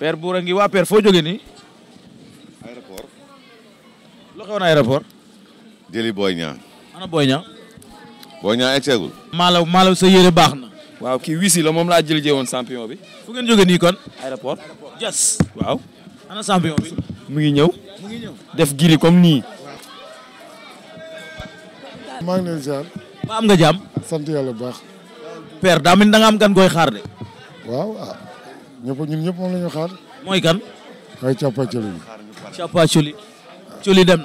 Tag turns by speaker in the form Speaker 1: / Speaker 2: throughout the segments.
Speaker 1: père Buura ngi waa père foo jógee nii. aéroport. loo jëli Boy Niang. ana Boy Niang. Boy Niang egseegul. Malaw sa yére baax na. waaw kii wisi la moom laa jël jee woon champion bi. fo ngeen jógee nii kon. aéroport yes. waaw. ana champion bi. mu ngi ñëw. mu def giri comme nii. maa nga jàmm. sant yàlla bu baax. père daa mel da nga xaar de. Ah. ñu ñun ñëpp moom la ñu xaar. mooy kan. kay Capa Thioli. Capa Thioli. Thioli dem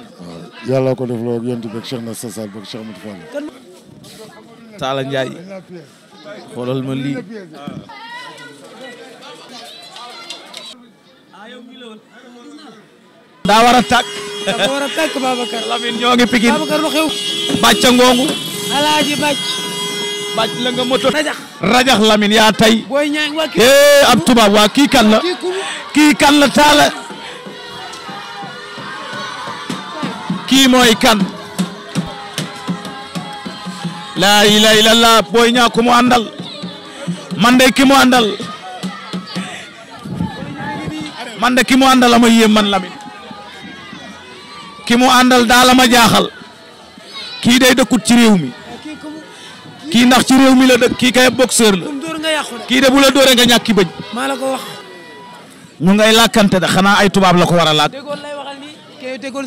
Speaker 1: na. waaw ko def loo ak yonent bi na Sassane ak Cheikh Moutou Fall. Talla Ndiaye ma lii. daa war a tàkk. daa war a tàkk ñoo ngi Pikine. Babacar lu Alaaji bàcc. bàcc la nga moto rajax rajax Lamine yaa tay eh ab tubaab waa kii kan la kii kan la taala kii mooy kan laa ilaha illallah booy ñaa ku mu àndal man de ki mu àndal man de ki mu àndal la ma yéem man Lamine ki mu àndal daal la jaaxal kii day dëkkut ci réew mi kii ndax ci réew mi la dëkk kii kay boxeur la
Speaker 2: kii de bu la dóoree nga ñàkki bëñ maa la ko wax
Speaker 1: ngay làkkante da xanaa ay tubaab la ko war a làkk dégol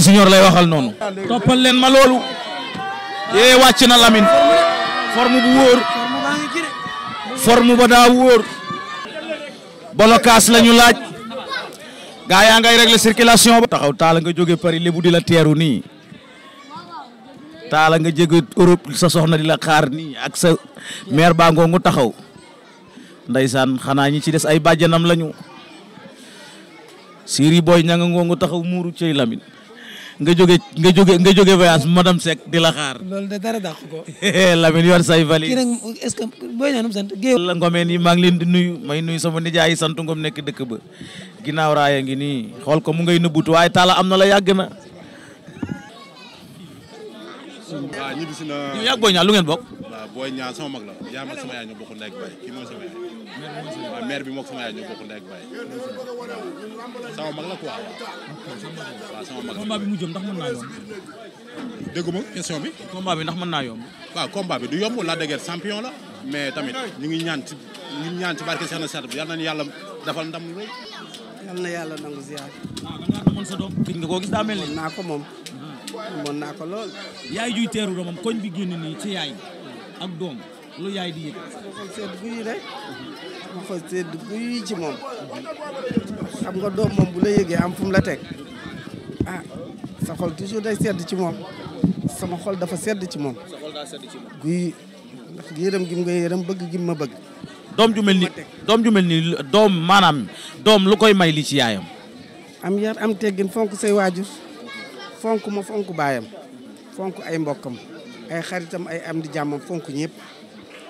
Speaker 1: siñor lay waxal noonu toppal leen ma loolu yee wàcc na Lamine forme bu wóor forme ba daa wóor bolokaas lañu laaj gaa yaa ngay régler circulation ba taxaw taala nga jóge Paris lébu di la teeru nii taala nga jege Europe sa soxna di la xaar nii ak sa maire baa ngoogu taxaw ndeysaan xanaa ñi ci des ay bàjjanam lañu Siri booy ña nga ngoogu taxaw muuru cey Lamine nga jóge nga jóge nga jóge voyage madame Seck di la xaar.
Speaker 2: loolu de dara dàq ko.
Speaker 1: Lamine yor say valise. kii nag
Speaker 2: est-ce que booy ñaanum
Speaker 1: maa ngi leen di nuyu may nuyu sama nijaay yi sant ngom nekk dëkk ba ginnaaw raaya ngi nii xool ko mu ngay nëbbutu waaye taala am na la yàgg na.
Speaker 3: waaw ñibbisi na. yow yaa Boy Niang lu ngeen bokk. waaw Boy Niang sama mag la yaa mag sama yaay ñu bokk ndey ak baay kii mooy sama yaay. waaw mère bi moog sama yaay ñu bokk ndey ak baay. sama mag la quoi waaw. waaw sama mag la combat bi mu jëm ndax mën naa yomb. dégguma question bi. combat bi ndax mën naa yomb. waaw combat bi du yomb la dëgër champion la. mais tamit ñu ngi ñaan ci ñu ngi ñaan ci barke Seex na Seex bi yal nañu yàlla
Speaker 4: defal ndam lu rëy. yal na yàlla nangu ziar. ah man daa doon sa doom. gis nga koo gis daa mel ni. naa ko moom. mën naa ko lool. yaay juy teeru doomam koñ bi génn nii ci yaay ak doom lu yaay di yëg. dafa sedd guy rek dafa sedd guy ci moom xam nga doom moom bu la yëgee am fu mu la teg ah sa xol toujours day sedd ci moom sama xol dafa sedd ci moom. sa xol daa sedd ci guy ndax yërëm gim nga yërëm bëgg gim ma bëgg. doom ju mel ni doom ju mel ni doom maanaam doom lu koy may li ci yaayam. am yar am teggin fonk say waajur. fonk ma fonk baayam fonk ay mbokkam ay xaritam ay am di jàmmam fonk ñëpp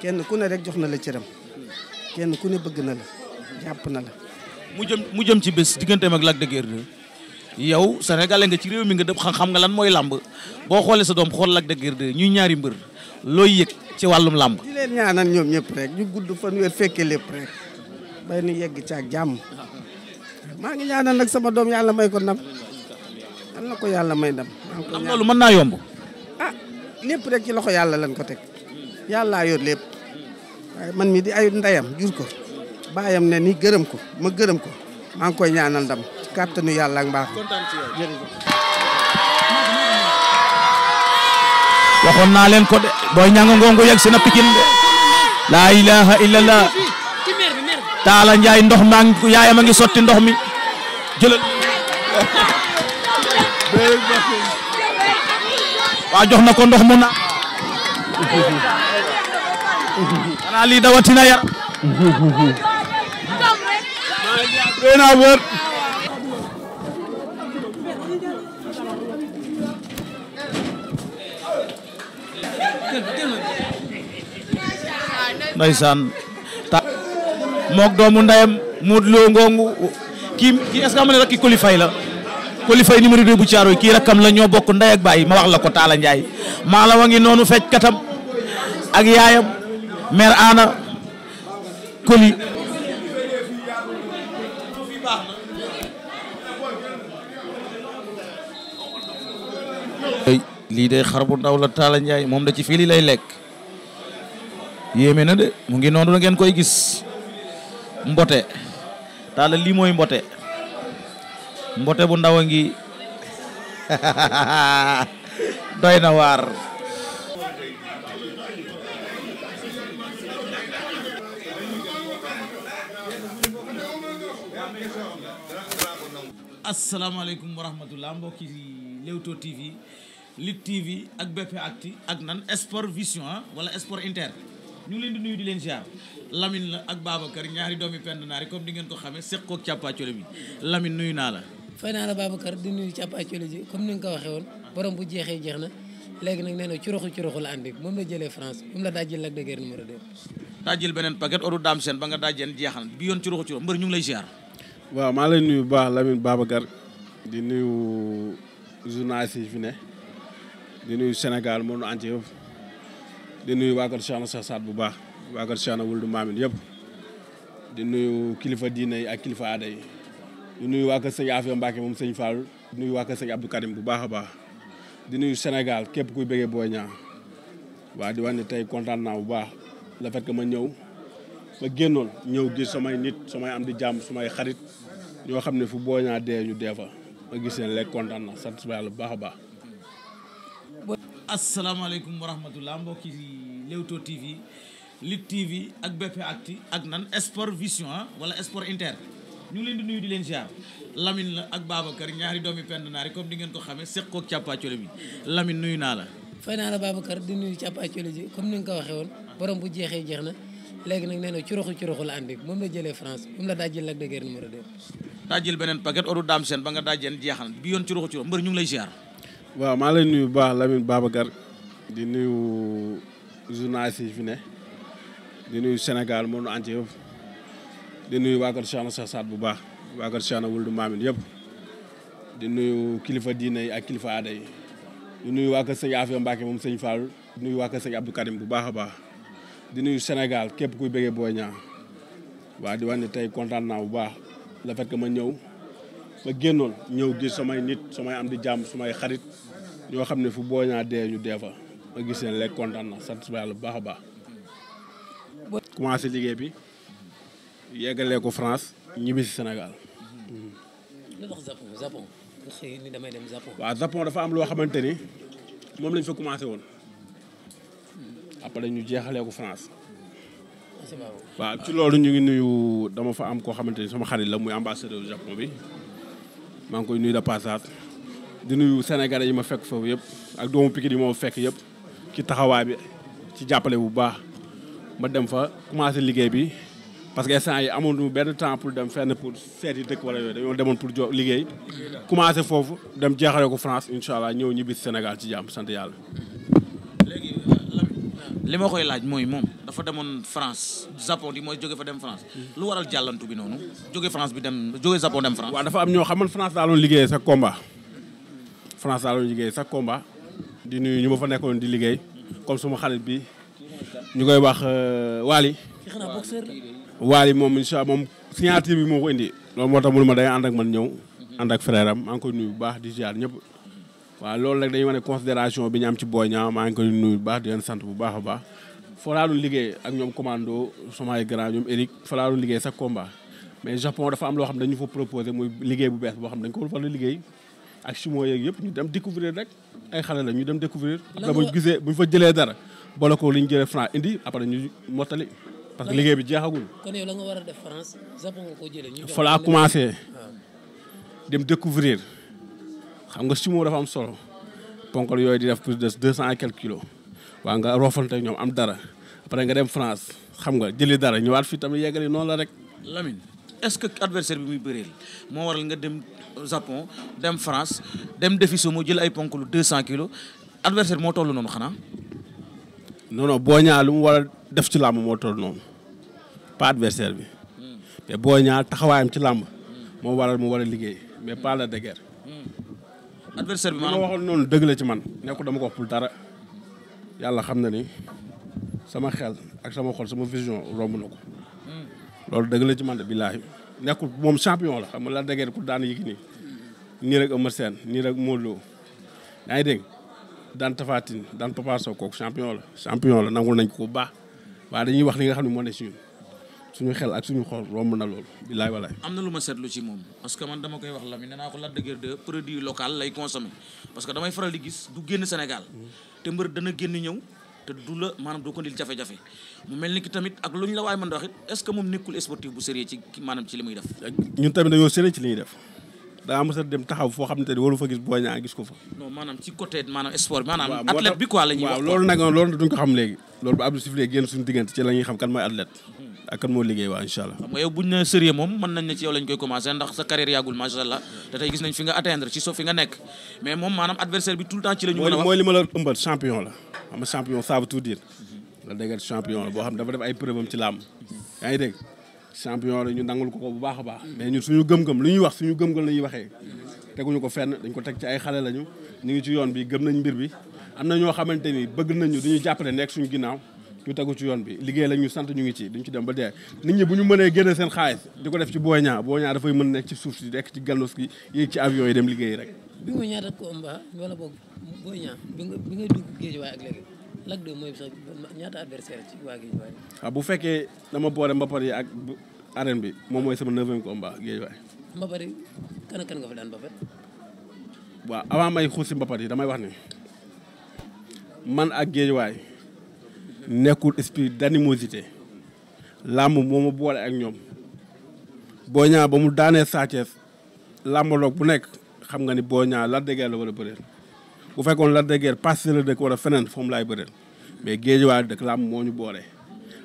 Speaker 4: kenn ku ne rek jox na la cëram kenn ku ne bëgg na la jàpp na la.
Speaker 1: mu jëm mu jëm ci bés digganteem ak Lac de Guiers 2 yow sénégalais nga ci réew mi nga dëpp xam xam nga lan mooy làmb boo xoolee sa doom xool Lac de Guiers ñuy ñaari mbër looy yëg
Speaker 4: ci wàllum làmb. di ñoom ñëpp ñu gudd fan weer fekkee lépp rek bay nu yegg ci ak jàmm maa ngi ñaanal nag sama doom yàlla may ko nam am na ko yàlla may ndam. am loolu mën naa yomb. ah rek ci loxo yàlla lañ ko teg yàlla yor lépp man mi di ay ndeyam jur ko baayam ne ni gërëm ko ma gërëm ko maa ngi koy ñaanal ndam ci kàttanu yàlla ak mbaax
Speaker 1: waxoon naa leen ko de booy ñanga ngongu yegg si na pikin de laa ilaha illallah taala njaay ndox ma ngi yaayam a ngi sotti ndox mi jëlal waa jox na ko ndox mu na xanaa lii dawatina yar bena wër ndeysaan ta mook doomu ndeyam Modou Lo ngongu ki est-ce na rek ki qualifié la Coly Faye numéro 2 bu Thiaroye kii rakkam la ñoo bokk ndey ak baay ma wax la ko taala Ndiaye maa la wa ngi noonu fecc katam ak yaayam mère Anna Coly lii de xar bu ndaw la Talla Ndiaye moom da ci fii li lay lekk yéeme de mu ngi noonu la ngeen koy gis mbote Talla lii mbote mbote bu ndaw a ngi doy na waar asalaamaaleykum wa rahmatullah mbokki Leewtoo TV Lutte TV ak BP Acti ak nan Sport Vision ah wala Sport Inter ñu ngi leen di nuyu di leen ziar Lamine la ak Babacar ñaari doomi pend naari comme di ngeen ko xame seq koog càppaacole bi Lamine nuyu naa la
Speaker 2: fay naa la Babacar di nuyu càppaacoli ji comme ni nga ko waxee woon borom bu jeexee jeex na léegi nag nee na curuxu curuxu la andi moom la jëlee France moom la daajil Lac de Guiers numéro 2
Speaker 1: daajil beneen paquet odu daam seen ba nga daajeen jeexal bi yoon curuxu curuxu mbër ñu ngi lay
Speaker 3: waaw maa lay nuy bu baax Lamine Babacar di nuyu journaliste yi fi ne di nuyu Sénégal moom nu entier di nuyu waa kër Cheikhna Cheikh bu baax waa kër Cheikhna Wuld Maamin yëpp nuyu kilifa diine yi ak kilifa yi di nuyu waa kër sëñ moom sëñ Fall di nuyu waa kër sëñ Abdou Karim bu baax a baax di nuyu Sénégal képp kuy bëggee Boy Niang di wax ne tey kontaan naa bu baax la fait que ma ñëw ma génnoon ñëw gis samay nit samay am di jàmm samay xarit ñoo xam ne fu booña Niang dee ñu dee fa ma gis leen léegi kontaan na sant su bu baax a baax.
Speaker 1: asalaamaaleykum wa rahmatulah mbokki Leewtoo TV Lutte TV nan Sport ah, wala Sport Inter. ñu ngi leen di nuyu di leen ziar Lamine la ak Babacar ñaari doomi pend naari comme di ngeen ko xamee seq koog càppaacole bi Lamine nuyu naa la.
Speaker 2: fay naa la Babacar di nuyu càppaacole ji comme ni nga ko waxee woon borom bu jeexee jeex na léegi nag nee na curuxu curuxu la andi moom la jëlee France la daa jël Lac de Guiers numéro 2.
Speaker 1: daa jël beneen paquet oru daam seen ba nga daa jeexal bi yoon curuxu curuxu mbër ñu ngi lay ziar.
Speaker 3: waaw maa lay nuyu bu baax Lamine Babacar di nuyu journaliste yi fi ne di nuyu Sénégal monde entier yëpp di nuyu waa kër Cheikhna Cheikh Saad bu baax waa kër Cheikhna Wuldu Maamin yëpp di nuyu kilifa diine yi ak kilifa aada yi nuyu waa kër sëñ Afia Mbacke moom nuyu waa kër sëñ Abdou Karim bu baax a baax di nuyu Sénégal képp kuy bëggee Boy Niang di wax ne tey kontaan naa bu baax le fait que ma ñëw ma génnoon ñëw gis samay nit samay am di jàmm samay xarit ñoo xam ne fu Boy Niang dee ma gis leen léegi kontaan na bu baax a baax. liggéey bi. yeggalee ko France ñibbisi Sénégal.
Speaker 2: lu Japon ni damay dem Japon. waaw Japon
Speaker 3: dafa am loo xamante ni moom lañ fa commencé woon après ñu jeexalee ko France. Ah, waa ci loolu ñu ngi nuyu dama fa am koo xamante ni sama xarit la muy ambassadeur Japon bi maa ngi koy nuyu de passage di nuyu sénégalais yi ma fekk foofu yëpp ak doomu Pikine yi ma fekk yëpp ci taxawaay bi ci jàppale bu baax ma dem fa commencé liggéey bi. parce que instant yi amoon benn temps pour dem fenn pour seeti dëkk wala yooyu dañoo demoon pour jo liggéey commencé foofu dem jeexale ko France incha allah ñëw ñibbi Sénégal ci jàmm sant yàlla. léegi
Speaker 1: euh, li ma koy laaj mooy moom dafa demoon France Japon di mooy jóge fa dem France lu waral jàllantu bi noonu
Speaker 3: jóge France bi dem jóge Japon dem France. waaw dafa am ñoo xaman France daa doon liggéeyee sa combat France daa liggéey liggéeyee sa combat di nuyu ñu ma fa nekkoon di liggéey comme suma xarit bi ñu koy wax euh, Waly. waali moom incha allah moom signature bi moo ko indi loolu moo tax mu ma day ànd ak man ñëw ànd ak frère maa ngi koy nuyu bu baax di ziar ñëpp waaw loolu rek dañuy wane considération bi ñu am ci Boy Niang maa ngi koy nuyu baax di leen sant bu baax a baax fa laa liggéey ak ñoom commando samay grand ñoom Eric laa doon liggéey sa combat mais Japon dafa am loo xam ne dañu fa proposé muy liggéey bu bees boo xam ne dañ ko fa la liggéey ak sumo yeeg yëpp ñu dem découvrir rek ay xale la ñu dem découvrir après bu gisee bu fa jëlee dara boole ko li ñu jëlee franc indi après ñu mottali parce que liggéey bi jeexagul.
Speaker 2: kon yow la nga a laa commencé ah.
Speaker 3: dem découvrir xam nga sumo dafa am solo ponkal yooyu di def plus de deux cent et quelques kilos waa nga roofante ñoom am dara après nga dem France xam nga jëli dara ñëwaat fii tamit yeggali noonu la rek. Lamine est-ce que
Speaker 1: adversaire bi muy bëreel moo waral nga dem Japon dem France dem defi moo jël ay lu deux cent kilos adversaire moo toll noonu xanaa.
Speaker 3: non boo ñaa lu mu def ci làmb moo toll noonu pas adversaire bi mais Boy Niang taxawaayam ci làmb moo waral mu war a liggéey mais pas la de bi maanaam ma waxoon noonu dëgg la ci man nekku dama ko wax pour dara yàlla xam na ni sama xel ak sama xol sama vision romb na ko loolu dëgg la ci man de billaahi nekkul moom champion la xam nga la de guerre daan Yékini nii nii rek Eumeu Sène nii rek Modou Lô yaa ngi dégg daan Tapha Tine daan Papa kooku champion la champion la nangul nañ ko bu baax waaw dañuy wax li nga xam ne moo ne si ñun suñu xel ak suñu xol romb na loolu bilaay walaay.
Speaker 1: am na lu ma seetlu ci moom parce que man dama koy wax la mi nee naa ko Lac de Guiers produit local lay consommer parce que damay faral di gis du génn Sénégal te mbër dana génn ñëw te du la maanaam doo ko ndil jafe-jafe mu mel ni ki tamit ak lu ñu la waaye mën a wax it est-ce que moom nekkul sportif bu sérieux ci maanaam ci li muy def.
Speaker 3: ñun tamit dañoo sérieux ci li def. daa mos a dem taxaw foo xamante ni waru fa gis Boy Niang gis ko fa.
Speaker 1: non maanaam ci côté maanaam sport bi maanaam. athlète bi quoi la loolu nag
Speaker 3: mhm. moo liggéey waa incha allah.
Speaker 1: xam buñ ne sérieux moom mën nañ ne ci yow lañ koy commencé ndax sa carrière yàggul macha allah te tey gis nañ fi nga atteindre ci so fi nga nekk mais moom maanaam adversaire bi tout temps ci la ñu mën a wax mooy li
Speaker 3: la ëmbal champion la xam nga mhm. la boo dafa def ay preuve am ci làmb yaa ngi champion la ñu nangul ko ko bu baax a baax mais ñun suñu gëm-gëm lu ñuy wax suñu gëm-gëm la ñuy waxee teguñu ko fenn dañ ko teg ci ay xale lañu ñu ngi ci yoon bi gëm nañ mbir bi am na ñoo xamante ni bëgg nañu duñu jàppale nekk suñu ginnaaw ñu tegu ci yoon bi liggéey la ñu sant ñu ngi ci duñ ci dem ba dee nit ñi bu ñu mënee génne seen xaalis di ko def ci Boy Niang Boy Niang dafay mën nekk ci suuf si nekk ci gandos gi yéeg ci avion yi dem liggéey rek bi nga ñaata
Speaker 2: combat wala Lac 2 mooy sax waa
Speaker 3: ah, bu fekkee dama boole mbapat yi ak bu bi moom mooy sama neuvième combat Guédiawaye.
Speaker 2: mbapat yi kan kan nga fa daan mbapat.
Speaker 3: waaw may xuus si yi damay wax ni man ak Guédiawaye nekkul esprit d'animosité làmb moo ma boole ak ñoom boo ñaa ba mu daanee Sa Thiès làmbaloog bu nekk xam nga ni boo ñaa la déggee la wala bëre. bu fekkoon Lac de Guiers passé la dëkk wala feneen foom laay bëreel mais géejuwaay dëkk làmb moo ñu boole.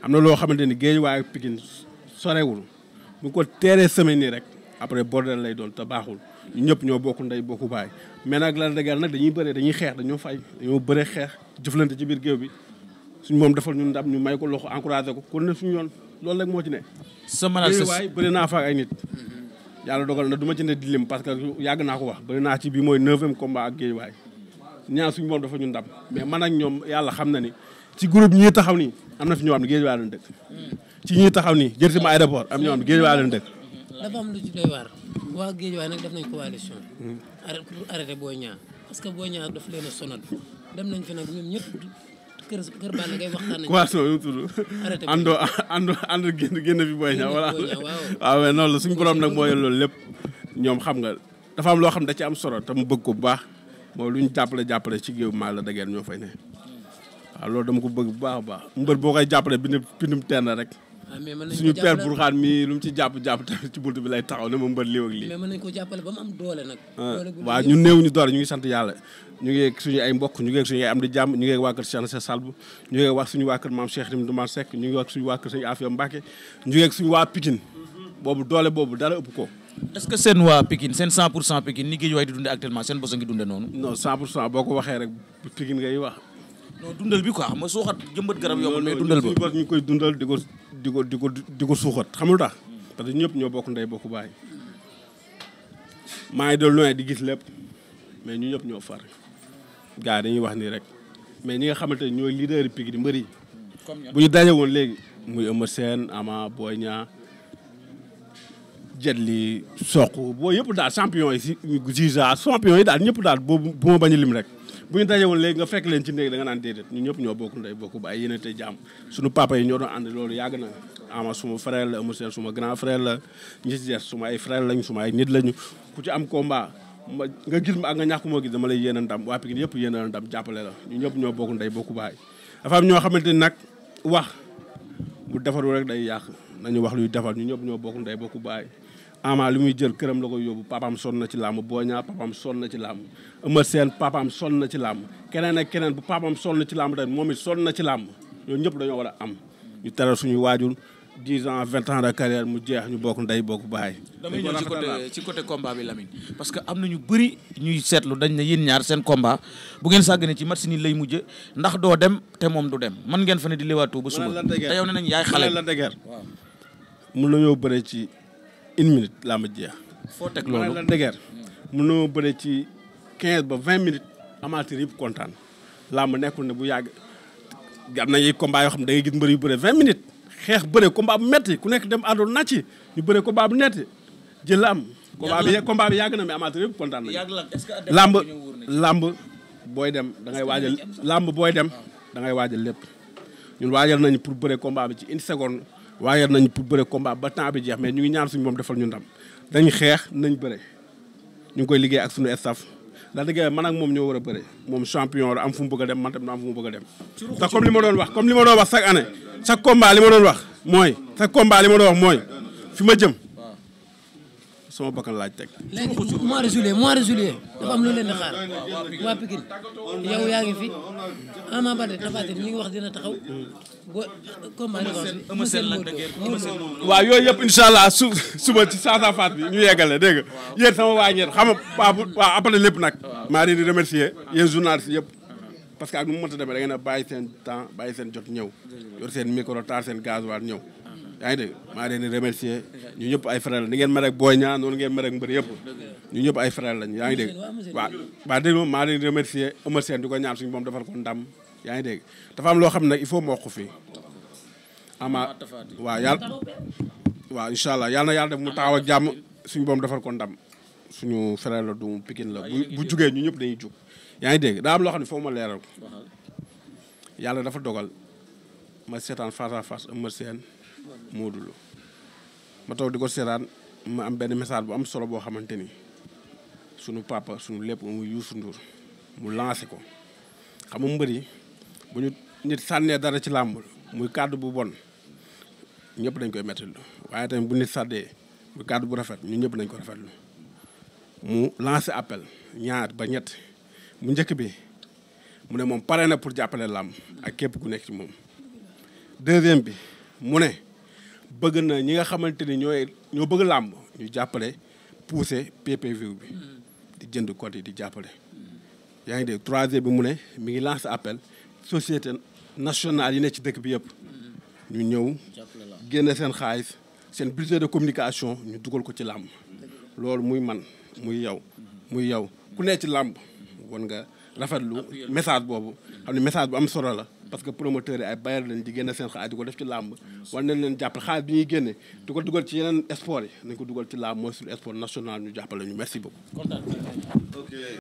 Speaker 3: am na loo xamante ni géejuwaay ak Pikine sorewul bu ko teeree semaine nii rek après bordel lay doon te baaxul ñëpp ñoo bokku ndey bokku baay mais nag Lac de Guiers nag dañuy bëree dañuy xeex dañoo fay dañoo bëree xeex jëflante ci biir géew bi suñ moom defal ñun ndam ñu may ko loxo encouragé ko kon na suñu yoon loolu rek moo ci ne. sama waay bëri naa fa ak ay nit. Mhm. yàlla dogal na du ma ci ne di parce que yàgg naa k wax bëri naa ci bi mooy neuvième combat ak géej ñaan suñu moom dafa ñu ndam mais man ak ñoom yàlla xam na ni ci groupe ñi taxaw nii am na fi ñoo xam ne géej waa leen dëkk ci ñi taxaw nii jër sama aéroport am ñoo xam ne géej waa leen dëkk
Speaker 2: dafa am waa géej waa def nañ coalition pour arrêté boo ñaa parce que boo ñaa daf leen a dem nañ fi nag ñoom ñëpp kër kër Balla Gaye yu tudd ando
Speaker 3: ando génn fi booy wala waaw waaw noonu la suñu borom nag mooy loolu lépp ñoom xam nga dafa am loo xam da ci am solo te mu bëgg ko bu baax mooy lu ñu jàppale jàppale ci géew maa la dageen ñoo fay ne waaw loolu dama ko bëgg bu baax a mbër boo koy jàppale bind bindum teen rek ah, suñu père Bourkhane mi lu mu ci jàpp jàpp ci bunt bi lay taxaw ne ma mbër lii ak lii mais
Speaker 2: mën nañ jàppale ba mu am doole nag ah, waaw ñu néew
Speaker 3: ñu doole ñu ngi sant yàlla ñu ngi suñu ay mbokk ñu ngi ay am di jàmm ñu ngi waa kër Cheikh Nassir Salb ñu ngi waa kër maam Cheikh Rim Doumar Seck ñu ngi wax suñu waa kër sëñ Afia Mbacke ñu ngi suñu waa Pikine boobu doole boobu dara ëpp ko est-ce que seen waa Pikine seen 100 pour cent Pikine ni Guédiawaye di dundee actuellement seen bos a noonu. non 100 pour cent boo ko waxee rek Pikine ngay dundal bi quoi xam nga suuxat jëmbat garab yombul mais dundal koy dundal di ko di ko di ko di ko suuxat xam nga lu tax. Hmm. que ñëpp ñoo bokk ndey bokk baay. maa ngi doon loin di gis lépp mais ñu ñëpp ñoo far gars dañuy wax nii rek mais ñi nga xamante ne ñooy leader yi Pikine mbëri bu ñu daje woon léegi muy Eumeu Sène Ama Boy jet li soq boo yëpp daa champion yi si Ziza champion yi daal ñëpp daal boobu bu bañ a lim rek bu ñu dajewul léegi nga fekk leen ci néeg da nga naan déedéet ñu ñëpp ñoo bokk ndey bokk baay yéen tey jàmm suñu papa yi ñoo doon ànd loolu yàgg na ama suma frère la ama seen suma grand frère la ñi ci suma ay frère lañ suma ay nit lañu ku ci am combat ma nga gis ma ak nga ñàkk moo gis dama lay yéen a yëpp yéen a jàppale la ñu ñëpp ñoo bokk ndey bokk baay dafa am ñoo xamante ni nag wax mu defarul rek day yàq nañu wax luy defar ñu ñëpp ñoo bokk day bokk baay Ama li muy jël këram la ko yóbbu papaam sonn na ci làmb Boy Niang papaam sonn na ci làmb Eumeu Sène papaam keneen ak keneen bu papaam sonn na ci làmb moom it sonn na ci làmb loolu ñëpp dañoo a am ñu teral suñu waajur dix ans vingt mu jeex ñu bokk ndey bokk baay. damay ñëw ci côté
Speaker 1: ci côté combat bi Lamine
Speaker 3: que am na ñu bëri ñuy seetlu dañ ne yéen ñaar seen
Speaker 1: combat bu ngeen sàggane ci match ni lay mujj ndax doo dem te moom du dem man ngeen fa ne di leewaatoo ba suba. te yow ne nañ yaay xale.
Speaker 3: mun nañoo bëre ci une minute laa jeex. foo teg loolu la dëgër mënoo bëre ci quinze ba vingt minutes amateur yëpp kontaan lamb nekkul ne bu yàgg am na ay combat yoo xam ne da ngay mbër yu bëre vingt minutes xeex bëre combat bu metti ku nekk dem àndoon na ci ñu bëre combat bu netti jël la am. combat bi combat bi yàgg na mais amateur yëpp kontaan nañu. làmb làmb booy dem da ngay waajal làmb booy dem da waajal lépp ñun waajal nañu pour bëre combat bi ci une seconde. waaye nañ pour bëre combat ba temps bi jeex mais ñu ngi ñaan suñu moom defal ñu ndam dañ xeex nañ bëre ñu ngi koy liggéey ak suñu staff ndax liggéey man ak moom ñoo war a bëre moom champion la am fu mu bëgg dem man tam na am fu mu bëgg a dem ndax comme li ma doon wax comme li ma doon wax chaque année chaque combat li ma doon wax mooy chaque combat li ma doon wax mooy fi ma jëm sama bakkan laaj teg.
Speaker 2: léegi mois de juillet mois de juillet dafa am lu leen di xaar waa Pikine yow yaa ngi fi Ama Baldé Tapha Tine li nga wax dina taxaw. boo combat waaw yooyu yëpp incha allah
Speaker 3: su suba ci saa faat bi ñu yeggale dégg nga yéen sama waa ñeent xam nga waaw après lépp nag. maa ngi leen di remercier yéen journalistes yëpp. parce que ak nu mu mënta demee da ngeen a bàyyi seen temps bàyyi seen jot ñëw. yor seen micro taal seen gasoil ñëw. yaay ngi maa leen di remercier ñu ñëpp ay frère la ni ngeen ngeen mel ak yëpp ñu ñëpp ay frère lañ yaa ngi dégg waaw waaw dégg moom maa leen di remercier Eumeu Sène moom defar ko ndam yaa ngi dégg dafa am loo xam ne nag il faut ma wax ko fii ama waaw yàlla waaw yàlla na mu taxaw ak jàmm suñu boom defar ko ndam suñu frère la du Pikine la bu bu ñu ñëpp dañuy jug yaa ngi dégg daa loo xam ne foo ma leeral ko yàlla dafa dogal ma seetaan face à face Eumeu Sène Modou Lo ma toog di ko seetaan ma am benn message bu am solo boo xamante ni sunu papa sunu lépp mu yuusu Ndour mu lancé ko xam nga mbër yi bu ñu nit sànnee dara ci làmb muy kàddu bu bon ñëpp dañ koy mettilu waaye tamit bu nit sàddee muy kàddu bu rafet ñu ñëpp dañ ko rafet lu mu lancé appel ñaar ba ñett mu njëkk bi mu ne moom pare na pour jàppale làmb ak képp ku nekk ci moom deuxième bi mu ne bëgg na ñi nga xamante ni ñooy ñoo bëgg làmb ñu jàppale pousser PPV bi di jënd code yi di jàppale. yaa ngi trois de bi mu ne mi ngi lancé appel société nationale yi ne ci dëkk bi yëpp ñu ñëw génne seen xaalis seen budget de communication ñu dugal ko ci làmb loolu muy man muy yow muy yow ku ne ci làmb war nga rafetlu message boobu xam ne message bu am solo la. parce que promoteur yi ay bailleur lañ di génne seen xaalis di def ci làmb war nañ leen jàppale xaalis bi ñuy dugal ci yeneen sport yi nañ dugal ci làmb mooy sur national ñu jàppale ñu merci
Speaker 1: beaucoup